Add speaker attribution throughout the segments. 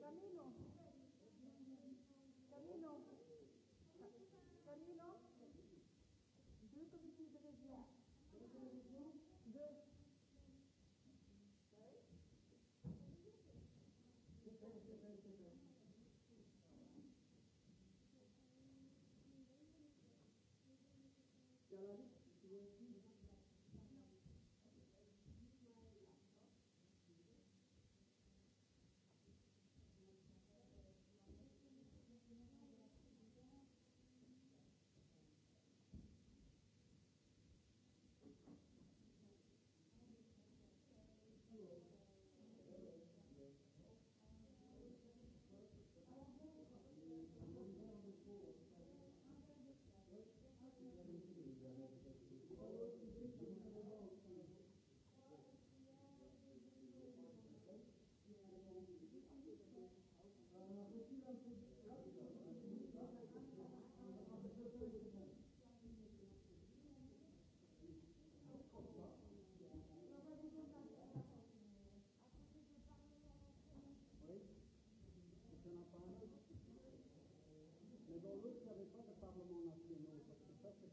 Speaker 1: Camilo.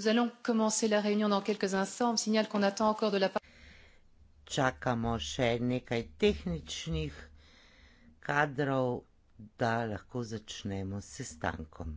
Speaker 2: Nous allons commencer la réunion dans quelques instants. On signale qu'on attend encore de la part.
Speaker 3: Čakamo še nekaj tehničnih kadrov, da lahko začnemo sestankom.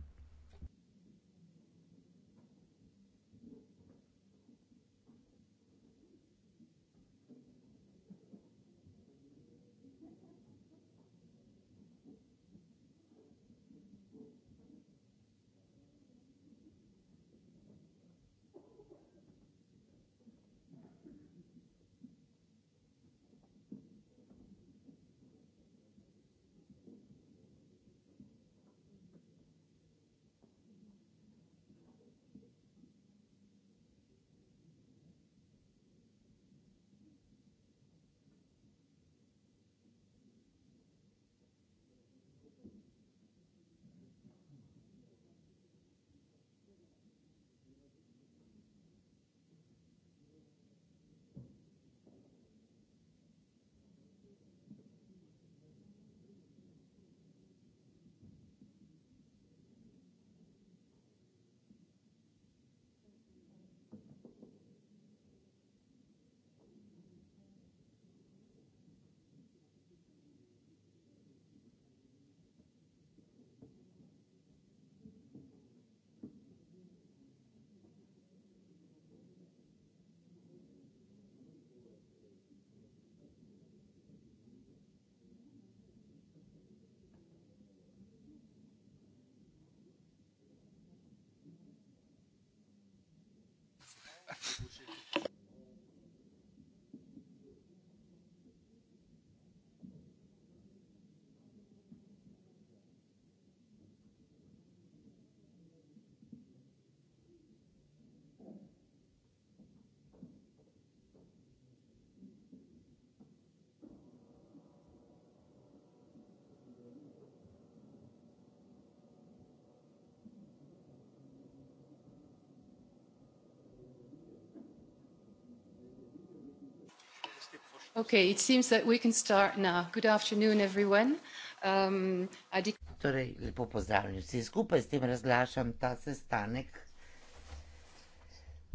Speaker 2: Okay, it seems that we can start now. Good afternoon, everyone.
Speaker 3: Um, adi... Torej, lepo pozdravljeni vsi skupaj, s tem razglašam ta sestanek.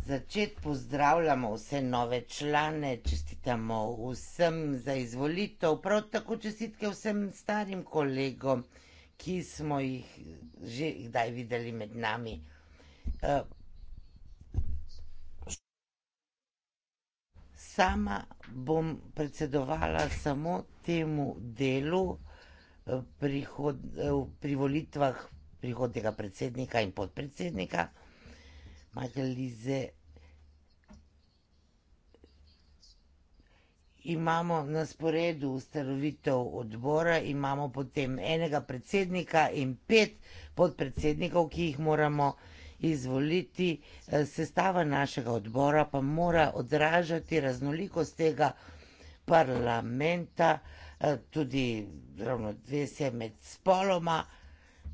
Speaker 3: Začet pozdravljamo vse nove člane, čestitamo vsem za izvolitev, prav tako čestitke vsem starim kolegom, ki smo jih že kdaj videli med nami. Uh, sama bom predsedovala samo temu delu eh, prihod, eh, pri volitvah prihodnega predsednika in podpredsednika. Majke Lize, imamo na sporedu ustanovitev odbora, imamo potem enega predsednika in pet podpredsednikov, ki jih moramo izvoliti. Eh, sestava našega odbora pa mora odražati raznolikost tega parlamenta, eh, tudi ravnodvesje med spoloma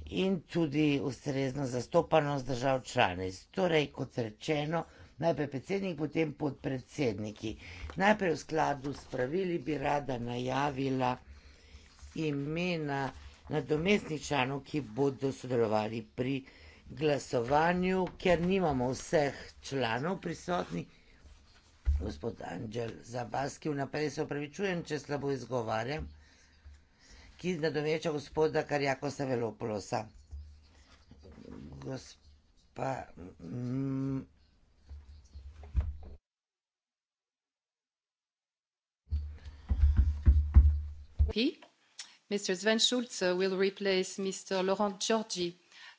Speaker 3: in tudi ustrezno zastopanost držav članic. Torej, kot rečeno, najprej predsednik, potem podpredsedniki. Najprej v skladu s pravili bi rada najavila imena nadomestnih članov, ki bodo sodelovali pri pri glasovanju, ker nimamo vseh članov prisotnih. Gospod Anđel, za vas, ki vnaprej se opravičujem, če slabo izgovarjam, ki nadomeča gospoda Karjako Savelopolosa. Gospa...
Speaker 2: Mr. Mm, Sven Schulze will replace Mr. Laurent Georgi.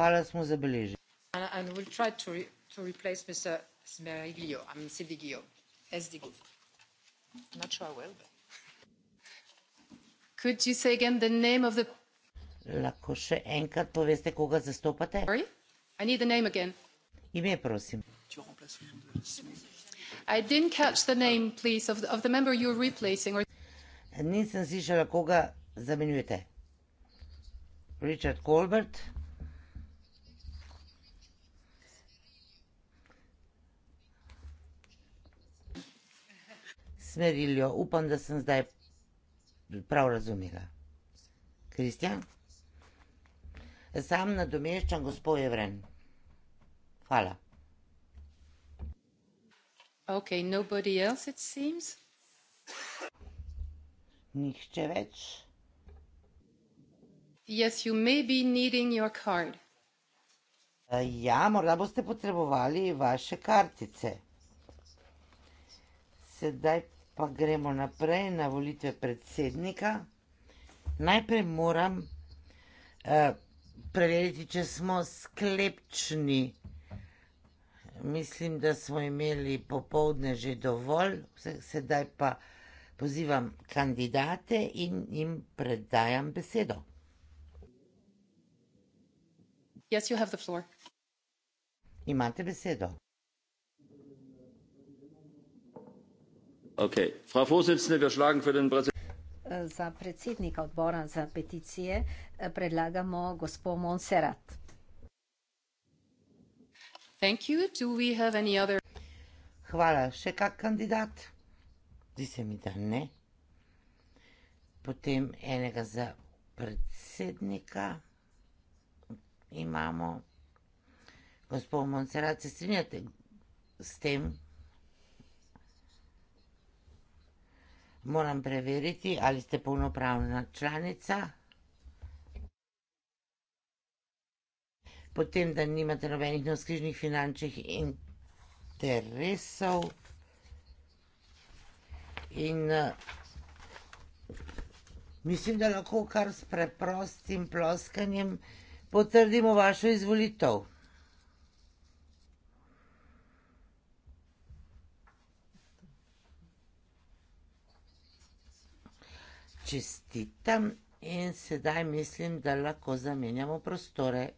Speaker 3: Hvala, smo zabeležili.
Speaker 2: Lahko
Speaker 3: še enkrat poveste, koga zastopate?
Speaker 2: Ime, prosim. I didn't catch the name, please, of the, of the member you're replacing. Or...
Speaker 3: Nisem slišala, koga zamenjujete. Richard Colbert. smerilijo. Upam, da sem zdaj prav razumela. Kristjan? Sam nadomeščam gospod Evren. Hvala.
Speaker 2: Ok, nobody else, it seems.
Speaker 3: Nihče več.
Speaker 2: Yes, you may be needing your card.
Speaker 3: Ja, morda boste potrebovali vaše kartice. Sedaj pa gremo naprej na volitve predsednika. Najprej moram eh, preveriti, če smo sklepčni. Mislim, da smo imeli popovdne že dovolj, sedaj pa pozivam kandidate in jim predajam besedo. Yes, you have the floor. Imate besedo.
Speaker 4: Za predsednika odbora za peticije eh, predlagamo gospo Monserrat.
Speaker 3: Hvala. Še kak kandidat? Zdi se mi, da ne. Potem enega za predsednika imamo. Gospod Monserrat, se strinjate s tem, Moram preveriti, ali ste polnopravna članica. Potem, da nimate nobenih navskrižnih finančnih interesov. In eh, mislim, da lahko kar s preprostim ploskanjem potrdimo vašo izvolitev. čestitam in sedaj mislim, da lahko zamenjamo prostore.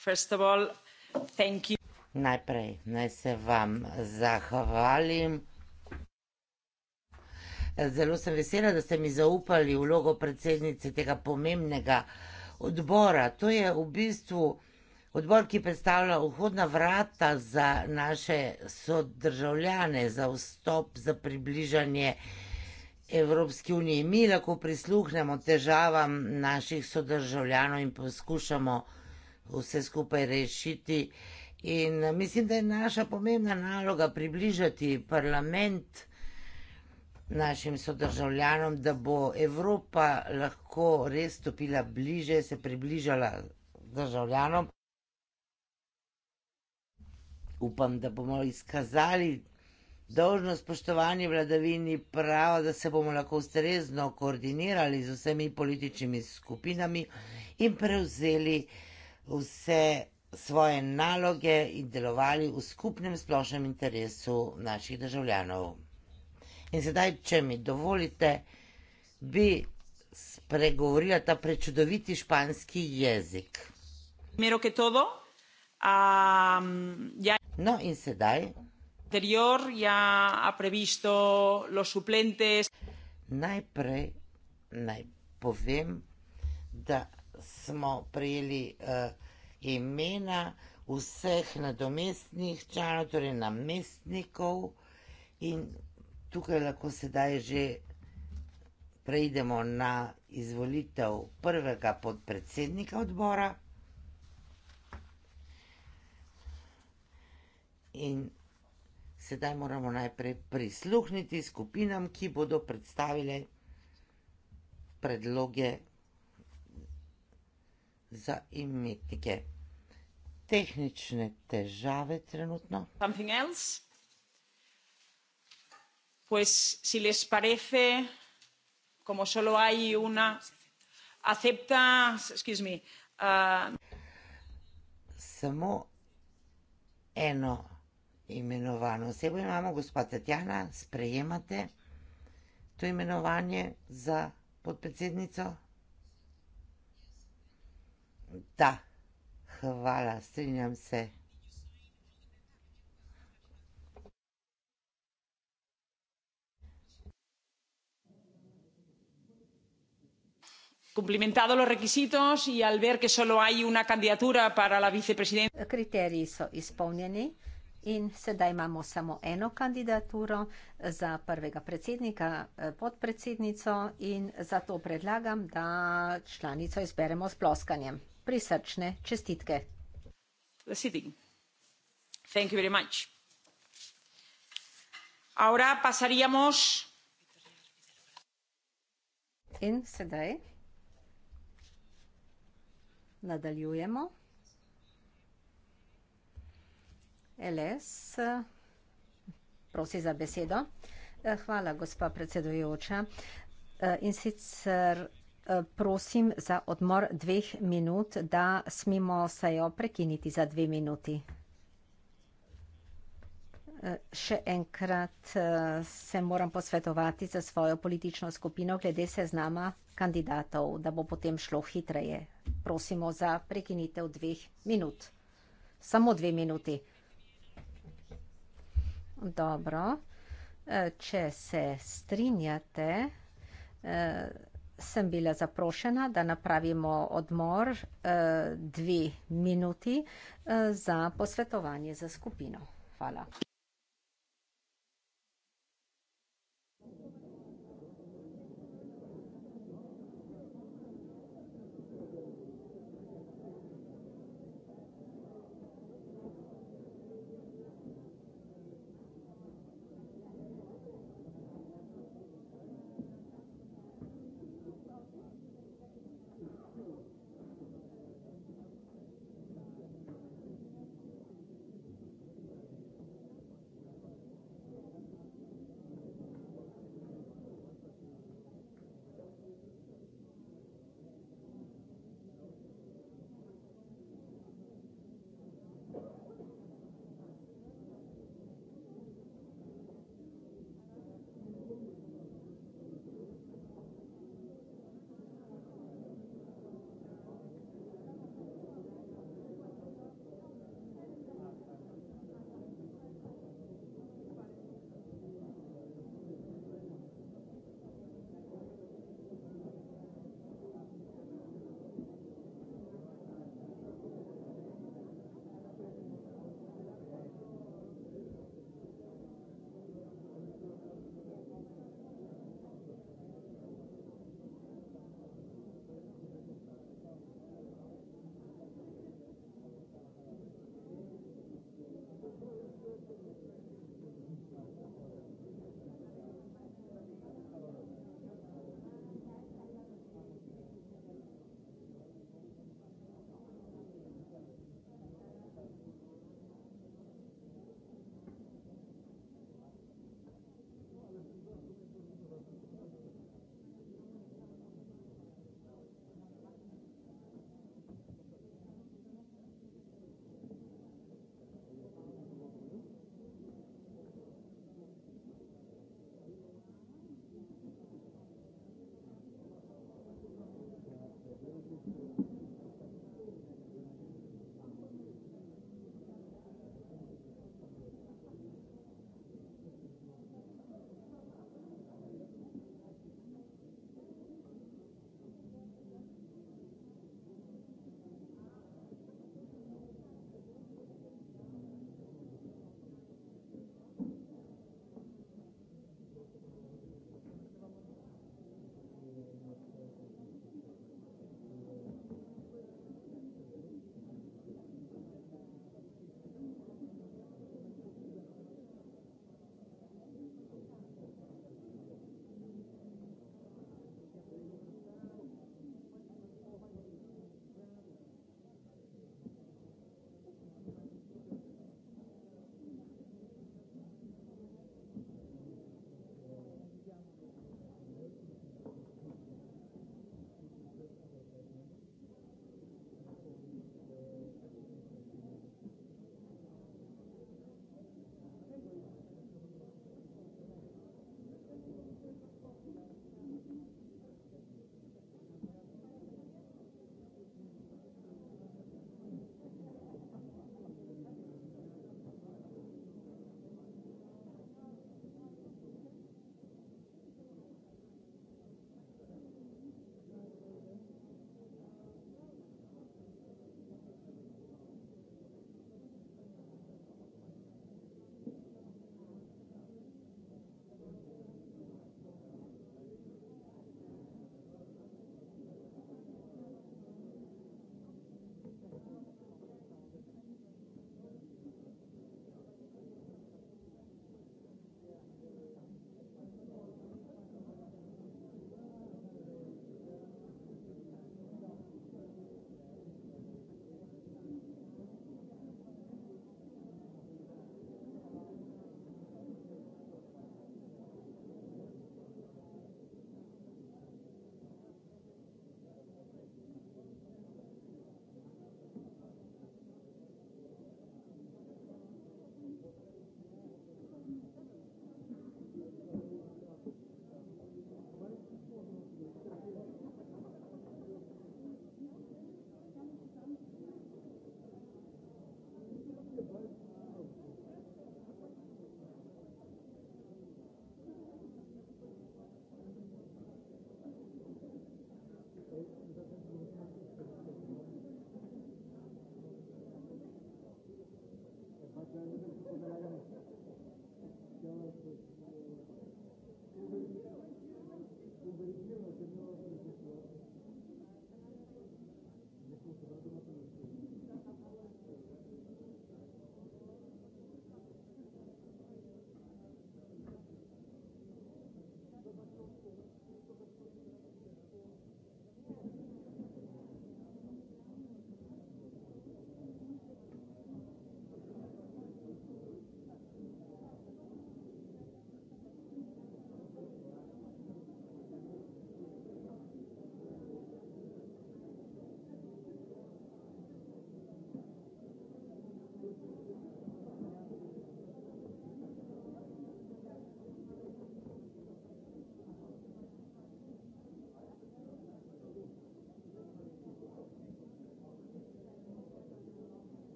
Speaker 5: First of all,
Speaker 3: thank you. Najprej naj se vam zahvalim. Zelo sem vesela, da ste mi zaupali vlogo predsednice tega pomembnega odbora. To je v bistvu odbor, ki predstavlja vhodna vrata za naše sodržavljane, za vstop, za približanje Evropski uniji. Mi lahko prisluhnemo težavam naših sodržavljanov in poskušamo vse skupaj rešiti. In eh, mislim, da je naša pomembna naloga približati parlament našim sodržavljanom, da bo Evropa lahko res stopila bliže, se približala državljanom. Upam, da bomo izkazali dožno spoštovanje vladavini prava, da se bomo lahko ustrezno koordinirali z vsemi političnimi skupinami in prevzeli vse svoje naloge in delovali v skupnem splošnem interesu naših državljanov. In sedaj, če mi dovolite, bi spregovorila ta prečudoviti španski jezik.
Speaker 5: Primero que todo, um, ya... No,
Speaker 3: in sedaj...
Speaker 5: Anterior ya ha previsto los suplentes.
Speaker 3: Najprej naj povem, da smo prijeli uh, eh, imena vseh nadomestnih članov, torej namestnikov, in tukaj lahko sedaj že preidemo na izvolitev prvega podpredsednika odbora. In sedaj moramo najprej prisluhniti skupinam, ki bodo predstavile predloge za imetnike. Tehnične težave trenutno.
Speaker 5: Something else? Pues si les
Speaker 3: parece,
Speaker 5: como solo hay una, acepta, excuse me. Uh...
Speaker 3: Samo eno imenovano osebo imamo, gospod Tatjana, sprejemate to imenovanje za podpredsednico? Da, hvala, strinjam se.
Speaker 5: Cumplimentado los requisitos y al ver que solo hay una candidatura para la vicepresidenta.
Speaker 4: Criteriji so izpolnjeni in sedaj imamo samo eno kandidaturo za prvega predsednika, eh, podpredsednico in zato predlagam, da članico izberemo s ploskanjem prisrčne čestitke. In sedaj nadaljujemo. LS, prosi za besedo. Hvala, gospa predsedujoča. E, in sicer Eh, prosim za odmor dveh minut, da smemo sejo prekiniti za dve minuti. Eh, še enkrat eh, se moram posvetovati za svojo politično skupino glede seznama kandidatov, da bo potem šlo hitreje. Prosimo za prekinitev dveh minut. Samo dve minuti. Dobro. Če se strinjate, sem bila zaprošena, da napravimo odmor eh, dve minuti eh, za posvetovanje za skupino. Hvala.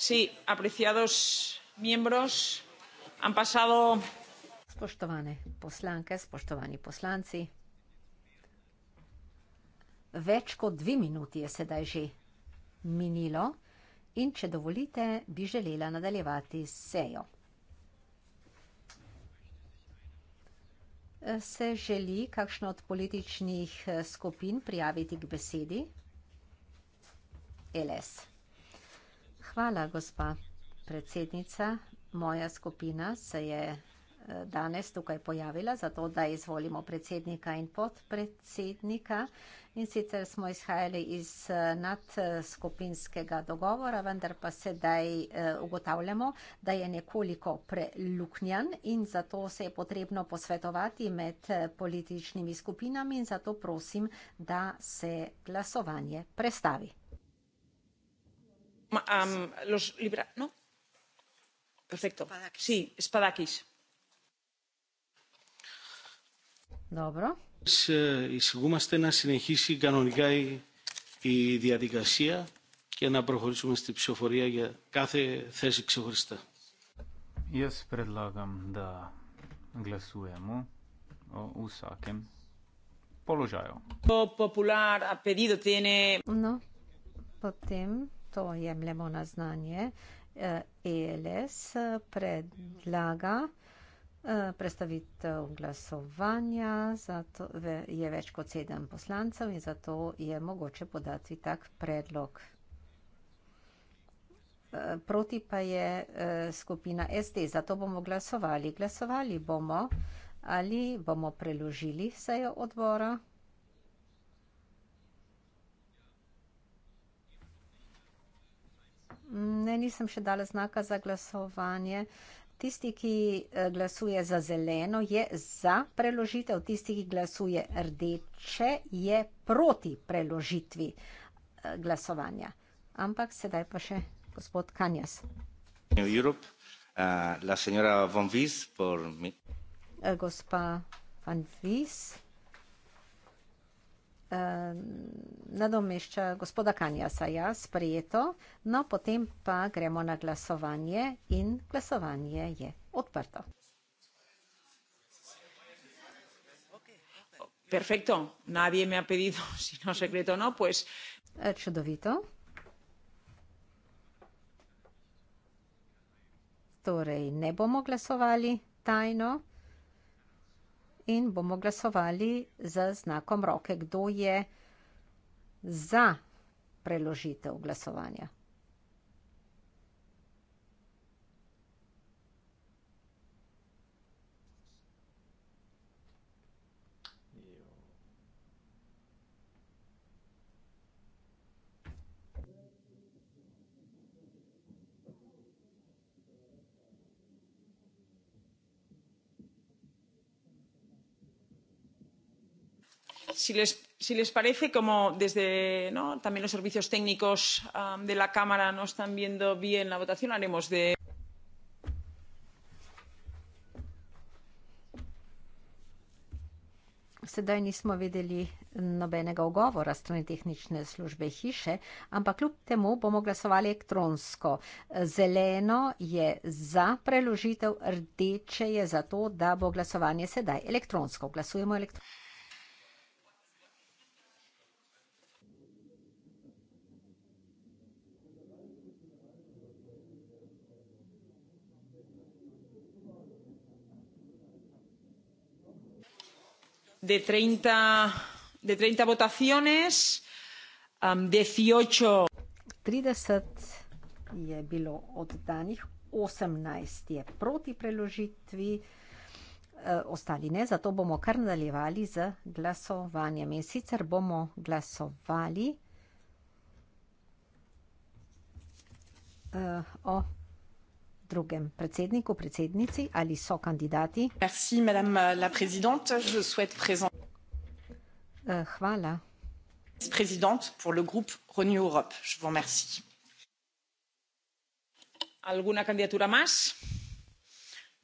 Speaker 4: señor presidente spoštovane poslanke spoštovani poslanci več kot dve minuti je sedaj že minilo in če dovolite bi želela nadaljevati s sejo se želi kakšno od političnih skupin prijaviti k besedi ls Hvala, gospa predsednica. Moja skupina se je eh, danes tukaj pojavila, zato da izvolimo predsednika in podpredsednika. In sicer smo izhajali iz eh, nadskupinskega dogovora, vendar pa sedaj eh, ugotavljamo, da je nekoliko preluknjan in zato se je potrebno posvetovati med političnimi skupinami in zato prosim, da se glasovanje prestavi
Speaker 1: εισηγούμε στε να συνεχίσει κανονικά η, η διαδικασία και να προχωρήσουμε στη ψηφοφορία για κάθε θέση ξεχωριστά. Jaz predlagam, da glasujemo o vsakem položaju.
Speaker 5: Popular, a pedido tiene.
Speaker 4: No, potem to jemljemo na znanje. ELS e predlaga e, predstavitev glasovanja, zato je več kot sedem poslancev in zato je mogoče podati tak predlog. E, proti pa je skupina SD, zato bomo glasovali. Glasovali bomo ali bomo preložili sejo odbora. Ne, nisem še dala znaka za glasovanje. Tisti, ki eh, glasuje za zeleno, je za preložitev, tisti, ki glasuje rdeče, je proti preložitvi eh, glasovanja. Ampak sedaj pa še gospod Kanjas. Eh, gospa Van Vis nadomešča gospoda Kanjasaja, sprejeto, no potem pa gremo na glasovanje in glasovanje je odprto.
Speaker 5: Perfecto, nadie me ha pedido, si no secreto, no, pues.
Speaker 4: Eh, čudovito. Torej, ne bomo glasovali tajno, in bomo glasovali z znakom roke, kdo je za preložitev glasovanja.
Speaker 5: si les parece como desde ¿no? también los servicios técnicos de la cámara no están viendo bien la votación haremos de
Speaker 4: Sedaj nismo videli nobenega ogovora strani tehnične službe hiše, ampak kljub temu bomo glasovali elektronsko. Zeleno je za preložitev, rdeče je za to, da bo glasovanje sedaj elektronsko. Glasujemo elektronsko.
Speaker 5: de 30
Speaker 4: votaciones, 18. 30 je bilo oddanih, 18 je proti preložitvi, e, ostali ne, zato bomo kar nadaljevali z glasovanjem. In sicer bomo glasovali e, o drugem predsedniku, predsednici ali so kandidati. Merci,
Speaker 5: madame, uh, hvala. Presidente pour le groupe Renew Europe. Je vous remercie. ¿Alguna candidatura más?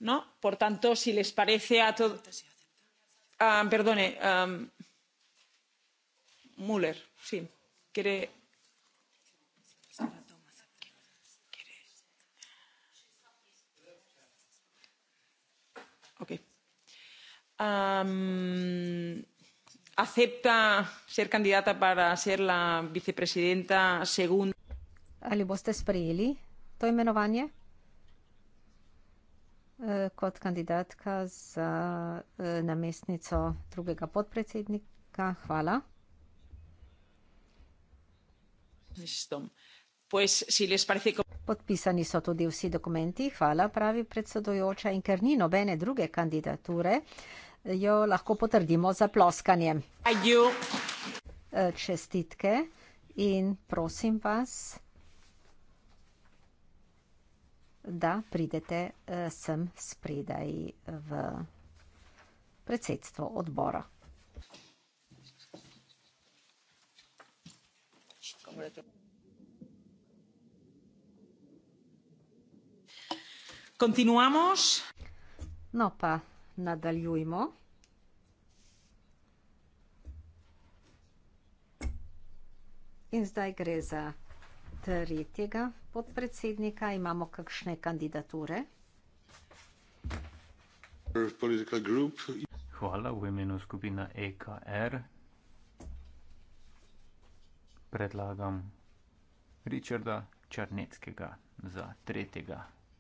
Speaker 5: No. Por tanto, si les parece a todos. Uh, ah, perdone. Um, Müller, sí. ¿Quiere okay. um, acepta ser candidata para ser la vicepresidenta según. Ali boste sprejeli
Speaker 4: to imenovanje eh, kot kandidatka za eh, namestnico drugega podpredsednika? Hvala. Zistom. Podpisani so tudi vsi dokumenti, hvala, pravi predsedojoča, in ker ni nobene druge kandidature, jo lahko potrdimo za ploskanje. E, čestitke in prosim vas, da pridete e, sem spredaj v predsedstvo odbora. Gracias. Continuamos. No pa nadaljujmo. In zdaj gre za tretjega podpredsednika. Imamo kakšne kandidature?
Speaker 3: Hvala v imenu skupina EKR. Predlagam Richarda Črneckega
Speaker 4: za tretjega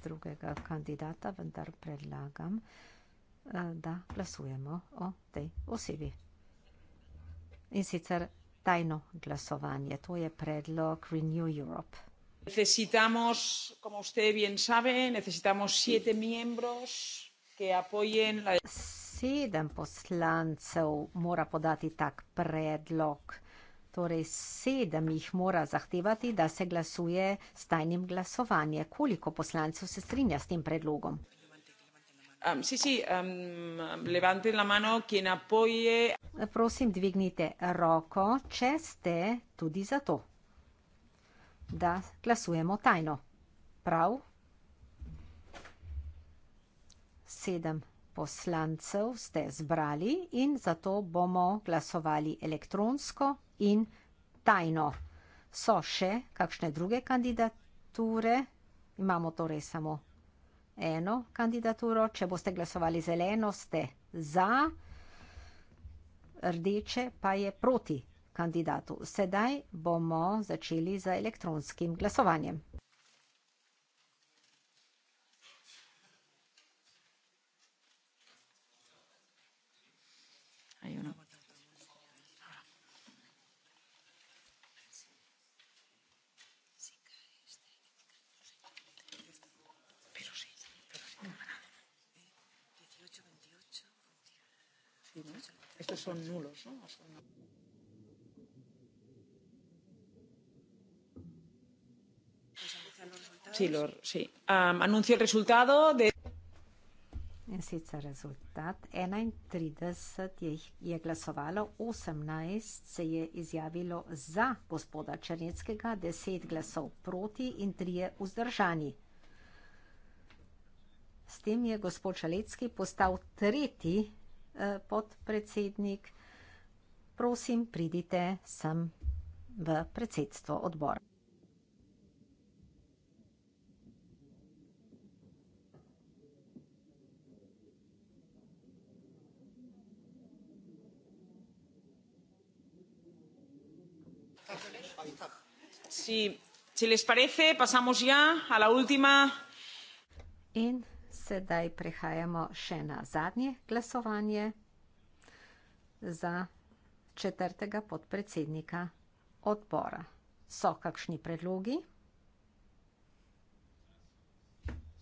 Speaker 4: drugega kandidata, vendar predlagam, eh, da glasujemo o tej osebi. In sicer tajno glasovanje, to je predlog Renew Europe.
Speaker 5: Necesitamos, como usted bien sabe, necesitamos siete miembros que apoyen la.
Speaker 4: Sedem poslancev mora podati tak predlog torej sedem jih mora zahtevati, da se glasuje s tajnim glasovanjem. Koliko poslancev se strinja s tem predlogom?
Speaker 5: Um, si, si, um, mano, apoye...
Speaker 4: Prosim, dvignite roko, če ste tudi za to, da glasujemo tajno. Prav? Sedem poslancev ste zbrali in zato bomo glasovali elektronsko in tajno. So še kakšne druge kandidature? Imamo torej samo eno kandidaturo. Če boste glasovali zeleno, ste za, rdeče pa je proti kandidatu. Sedaj bomo začeli z elektronskim glasovanjem.
Speaker 5: son nulos. ¿no? O sea, no. Sí, lo, sí.
Speaker 4: Um, anuncio el resultado de. Es el resultado. En 30 je glasovalo 18, se je izjavilo za gospoda Črneckega, 10 glasov proti in 3 vzdržani. S tem je gospod Črnecki postal tretji Eh, podpredsednik. Prosim, pridite sem v predsedstvo odbora.
Speaker 5: Si, si les parece, pasamos ya a la última.
Speaker 4: In sedaj prehajamo še na zadnje glasovanje za četrtega podpredsednika odbora. So kakšni predlogi?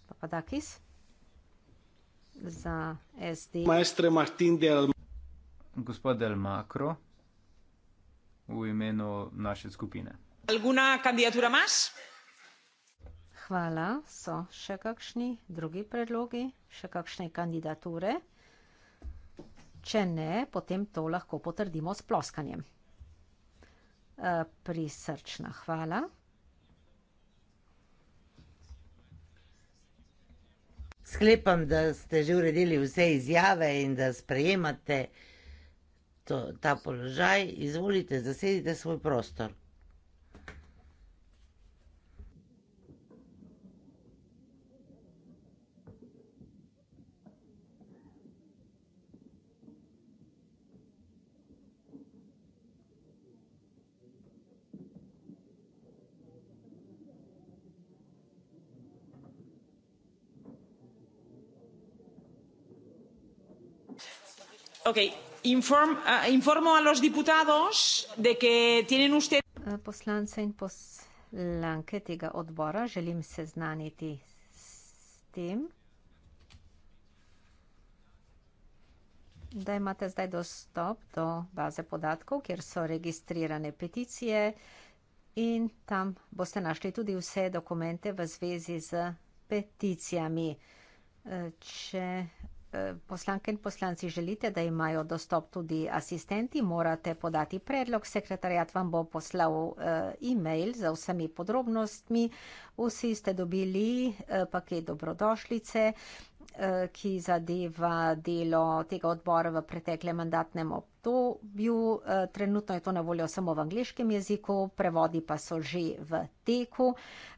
Speaker 4: Papadakis? Za SD. Maestre Martin del. Gospod del Macro, v imenu naše skupine.
Speaker 5: Alguna candidatura más?
Speaker 4: Hvala. So še kakšni drugi predlogi, še kakšne kandidature? Če ne, potem to lahko potrdimo s ploskanjem. E, prisrčna hvala.
Speaker 3: Sklepam, da ste že uredili vse izjave in da sprejemate to, ta položaj. Izvolite, zasedite svoj prostor.
Speaker 4: Eh, informo a los diputados de que tienen usted. Eh, poslance in poslanke tega odbora želim seznaniti s tem, da imate zdaj dostop do baze podatkov, kjer so registrirane peticije in tam boste našli tudi vse dokumente v zvezi z peticijami. Eh, če poslanke in poslanci želite, da imajo dostop tudi asistenti, morate podati predlog. Sekretarjat vam bo poslal eh, e-mail za vsemi podrobnostmi. Vsi ste dobili eh, paket dobrodošlice, eh, ki zadeva delo tega odbora v preteklem mandatnem obdobju to bil, eh, trenutno je to na voljo samo v angliškem jeziku, prevodi pa so že v teku.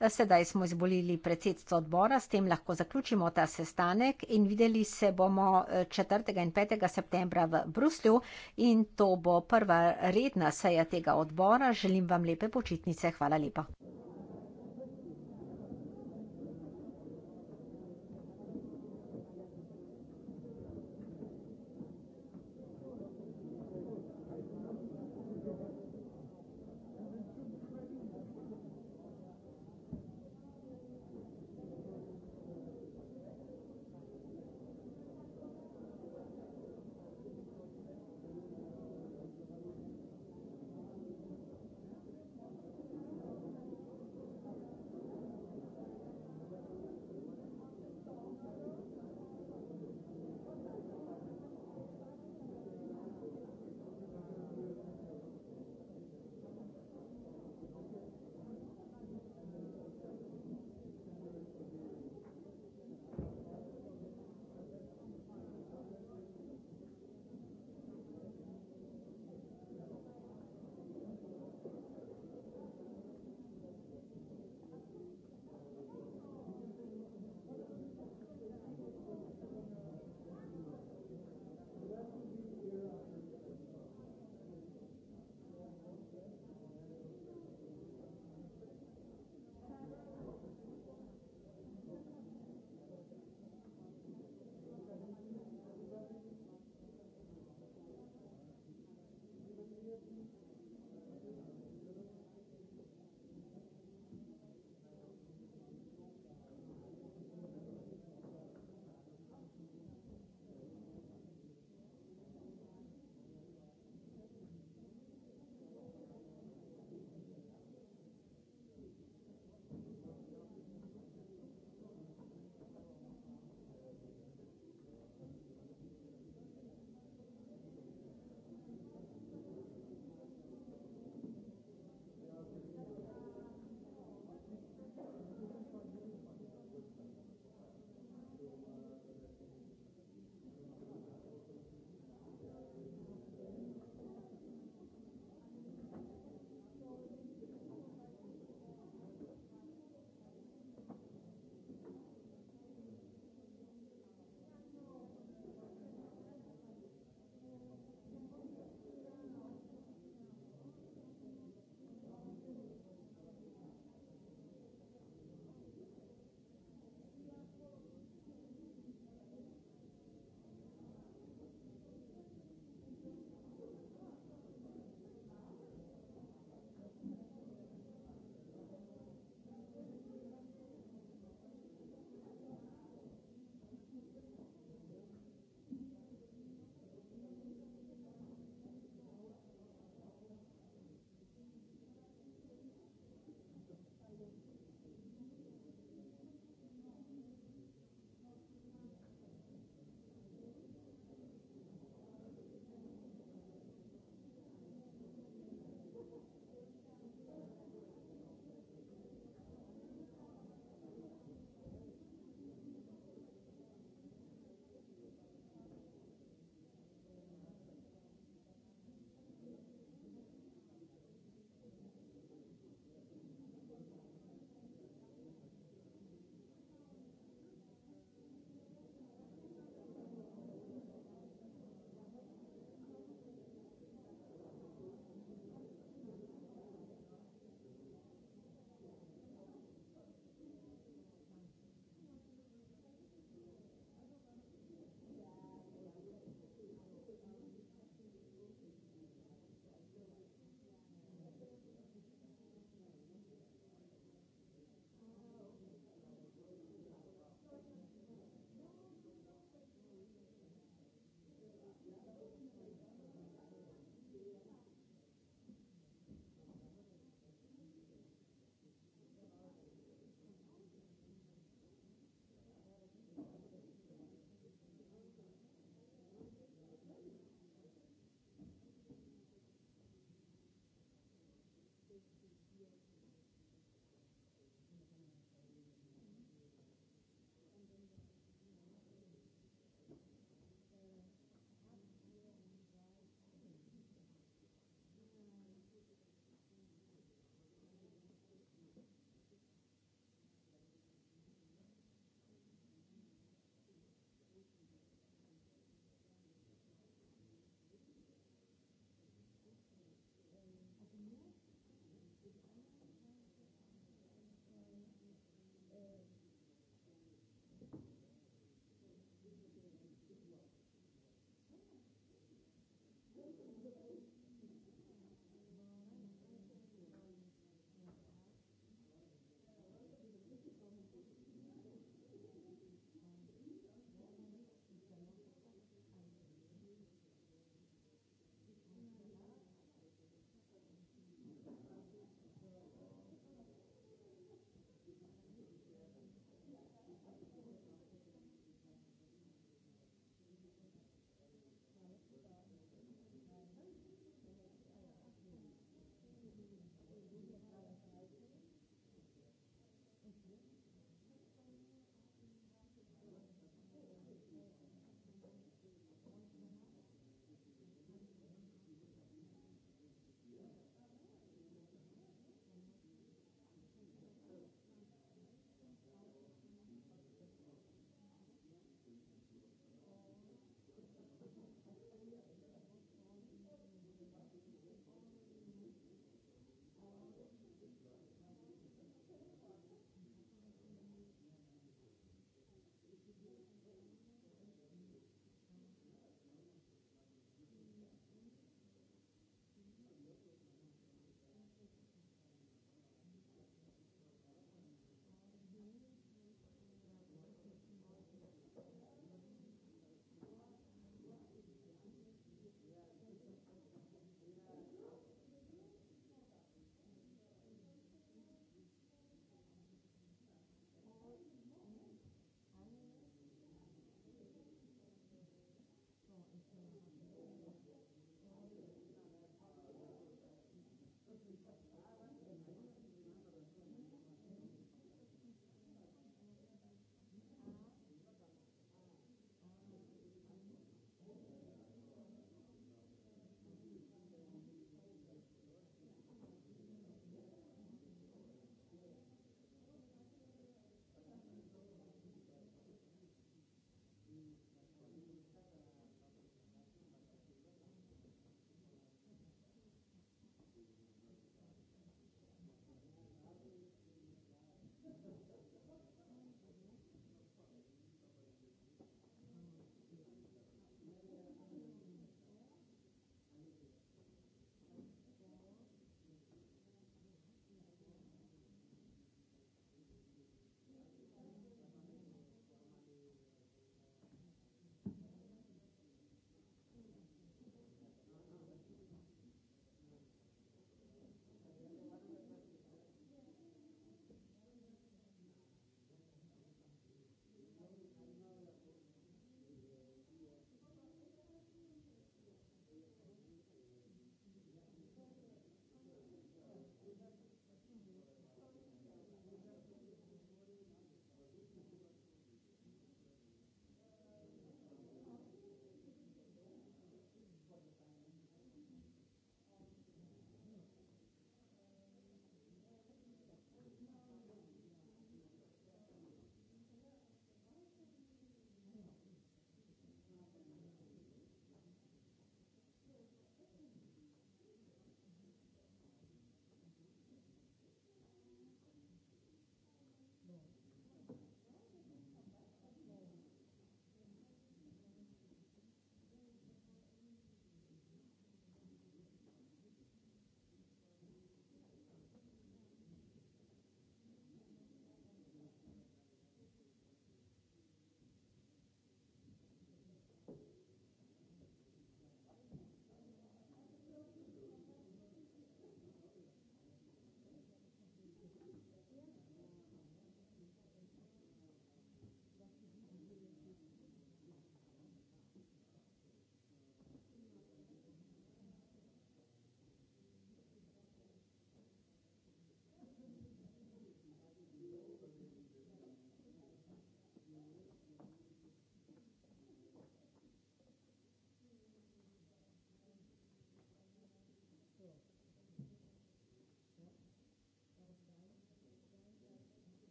Speaker 4: Eh, sedaj smo izbolili predsedstvo odbora, s tem lahko zaključimo ta sestanek in videli se bomo 4. Eh, in 5. septembra v Bruslju in to bo prva redna seja tega odbora. Želim vam lepe počitnice. Hvala lepa.